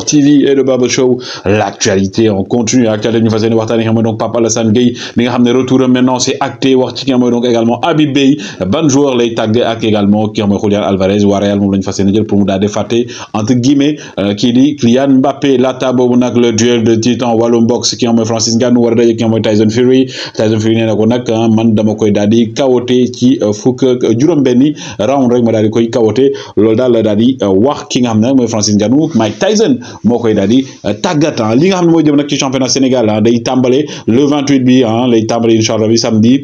Sport TV et le Babo Show l'actualité en continu ak tey dañu fas voir waxtaanee donc Pape Alassane Gueye mais nga xam retour maintenant c'est acté wax ci ki donc également Habib Beye ban joueur lay tàgge ak également qui nga Julian Alvarez waa Real moom la ñu dire jël pour mu daal faté entre guillemets qui euh, dit Kylian Mbappé laata boobu nag le duel de titan wàllum box qui nga Francis Ngannou war qui daje ki Tyson Fury Tyson Fury nee na ko ah, man dama koy daal di kawote ci euh, fukk juróom round rek ma daal di koy kawote loolu daal la euh, wax ki nga Francis Ngannou Mike Tyson moo dali daal euh, ah, li nga xam moy dem nak ci championnat Sénégal ah, day tambalé le 28 bi ah, lay tàmbale incha samedi.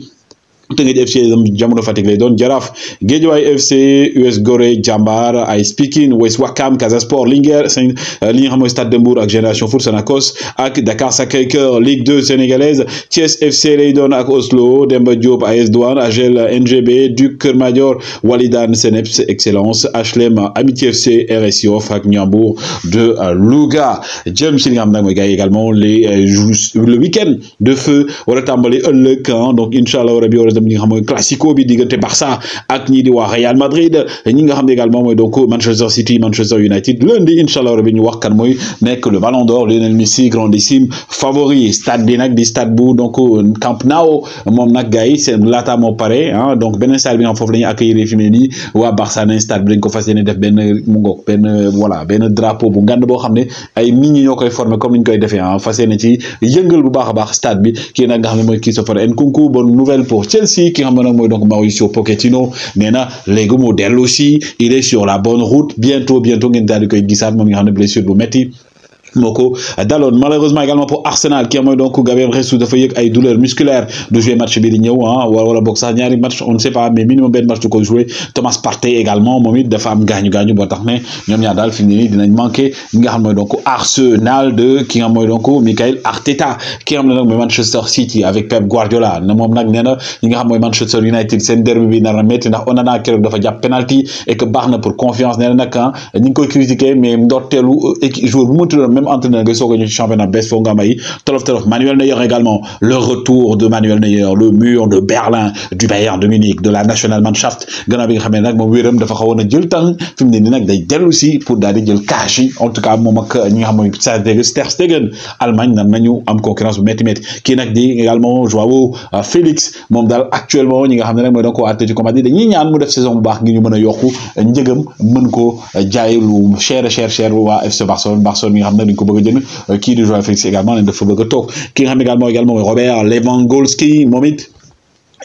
Teungueth FC jamono fatik lay don FC US Gorée Jambar Ice Speaking, West Wakam, Casa Linger, Saint euh, li nga Stade de Mbour ak Génération Foot Dakar Sakaker, cœur Ligue 2 sénégalaise Thiès FC lay ak Oslo Demba Diop AS Douane AGEL NGB Duke Major, Walidan Seneps Excellence HLM Amitié FC RSIO, ak de Louga James si également euh, le week-end de feu wala a tàmbali hein. donc incha rabi dem nga xam classico bi Barça ak ñi di Real Madrid ñi nga xam également donc Manchester City Manchester United lundi inshallah rabbi ñu wax kan moy nek le Ballon d'Or Lionel Messi grandissime favori stade bi nak di stade bu donc euh, Camp Nou mom nak gay yi seen laata moo ah, donc benen salle bi nga fofu accueillir fi mu ne Barça nañ stade bi dañ ko fas ben def ben mu ngok ben voilà ben drapeau bu ngand bo xamné ay nit ñi former comme une koy défé hein ah, fas ci yëngal bu baaxa baax stade bi ki nak nga xam moy Christopher Nkunku bonne nouvelle pour Chelsea Chelsea qui nga mën donc Mauricio Pochettino nee na léegi aussi il est sur la bonne route bientôt bientôt ngeen daal di koy gisaat moom nga blessure bu metti Moko, ko malheureusement également pour Arsenal qui mooy donc Gabriel Jesus de feuillet avec douleur musculaire de jouer match bi di hein ah wala bok sax ñaari match on ne sait pas mais minimum ben match de ko jouer Thomas Partey également momit de femme am gagne gaañu boo tax né ñom ñaar dal fini dinañ manqué ñi nga xam donc Arsenal de qui a mooy donc Michael Arteta qui a donc Manchester City avec Pep Guardiola ne mom nak néna nga xam Manchester United sen derby bi nar a métti ndax Onana keroog dafa japp penalty et que baxna pour confiance néna nak ah, ñing koy critiquer mais euh, qui joueur bu mu même même entraîneur nga soog championnat bés nga tolof tolof Manuel Neuer également le retour de Manuel Neuer le mur de Berlin du Bayern de Munich de la Nationalmannschaft gannaaw bi nga xam ne nag moom wéram dafa xawoon a jël tàng fi day pour d'aller di jël en tout cas moom ak ñi nga xam Stegen Allemagne nan nañu am concurrence bu métti métti kii également Joao Félix Mondal, actuellement ñi nga xam de nag donc Atlético Madrid dañuy ñaan mu def saison bu baax ngir ñu mën a yokku mën ko jaay lu cher cher cher wa FC Barcelone Barcelone mi nga qui ko déjà affecté également également Robert Lewandowski Momit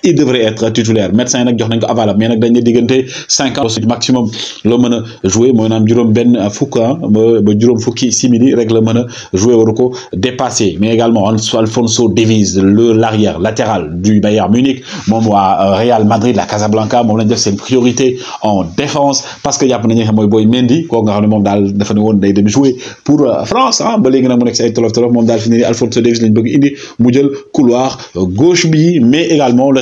il devrait être titulaire médecin nak jox nañ ko mais nak dañ ne diggante cinq ans maximum lo mën jouer joué mooy naam juróom benn fukk ah, ba juróom fukki simili rek la mën jouer joué waru ko dépassé mais également Alfonso Davies le l'arrière latéral du Bayern Munich mon waa euh, Real Madrid la Casablanca moom lañ def une priorité en défense parce que yapp nañ xam mooy Boy Mendy ko nga xam mom dal daal dafa ne woon day dem jouer pour euh, France hein ba légui nag mu nek ay tolof tolof mom dal fini Alfonso Davies lañ bëgg indi mu jël couloir euh, gauche bi mais également le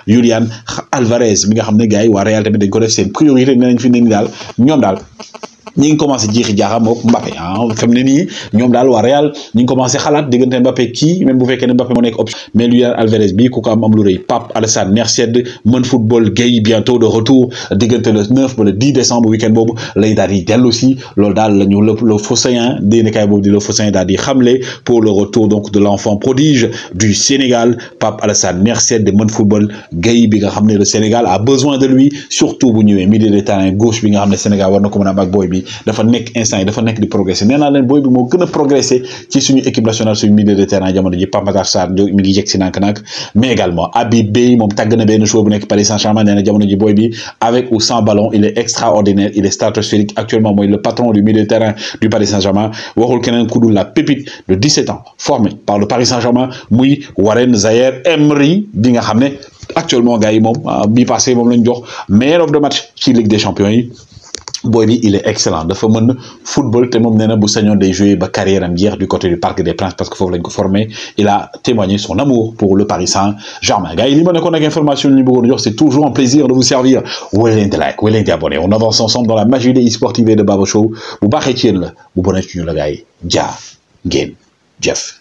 Julian Alvarez bi nga xam ne gars yi waa Real tamit dañ ko def priorité nee fi ne ni daal ñoom daal ñi ngi commencé jiixi jaaxa mook Mbappé ah fi mu ni nii ñoom daal Real ñi ngi commencé xalat digënté Mbappé ki même bu fekkee né Mbappé mo nek option mais Julián Alvarez bi ko ko am am lu reuy Pape Alassane neex mën football gay bientôt de retour digënté le 9 ba le 10 décembre week-end lay daal di dellu si loolu daal la ñu le Focéen hein, déenekaay boobu di le Focéen daal di pour le retour donc de l'enfant prodige du Sénégal Pape Alassane neex Mon mën football gay bi nga xamné le Sénégal a besoin de lui surtout bu ñëwee milieu de terrain gauche bi nga xamné Sénégal war na ko mën a am bi bi dafa nekk instant yi dafa nek di progresser nee len boy bi mo gëna progresser ci suñu équipe nationale suñu milieu de terrain jamono ji Pape Matar Sarr mi ngi yegg si nak nànk mais également Habib Beye moom tàgg joueur bu nek Paris Saint-Germain nee jamono ji boy bi avec ou sans ballon il est extraordinaire il est stratosphérique actuellement moy le patron du milieu de terrain du Paris Saint-Germain waxul kenen ku dul la pépite de 17 ans formé par le Paris Saint-Germain muy Warren Zaire Emery di nga xamné actuellement gars yi ah, bi passé mom lañ jox meilleur of the match ci Ligue des Champions yi boy il est excellent dafa mën football te de nee bu jouer carrière am du côté du Parc des Princes parce qu'il faut lañ ko il a témoigné son amour pour le Paris Saint-Germain gars yi li ma nekkoon ak information ñu c'est toujours un plaisir de vous servir Willing like on avance ensemble dans la magie des e de Baba Show bu baaxee ci vous la bu le ci ñu la gars yi Game. Jeff.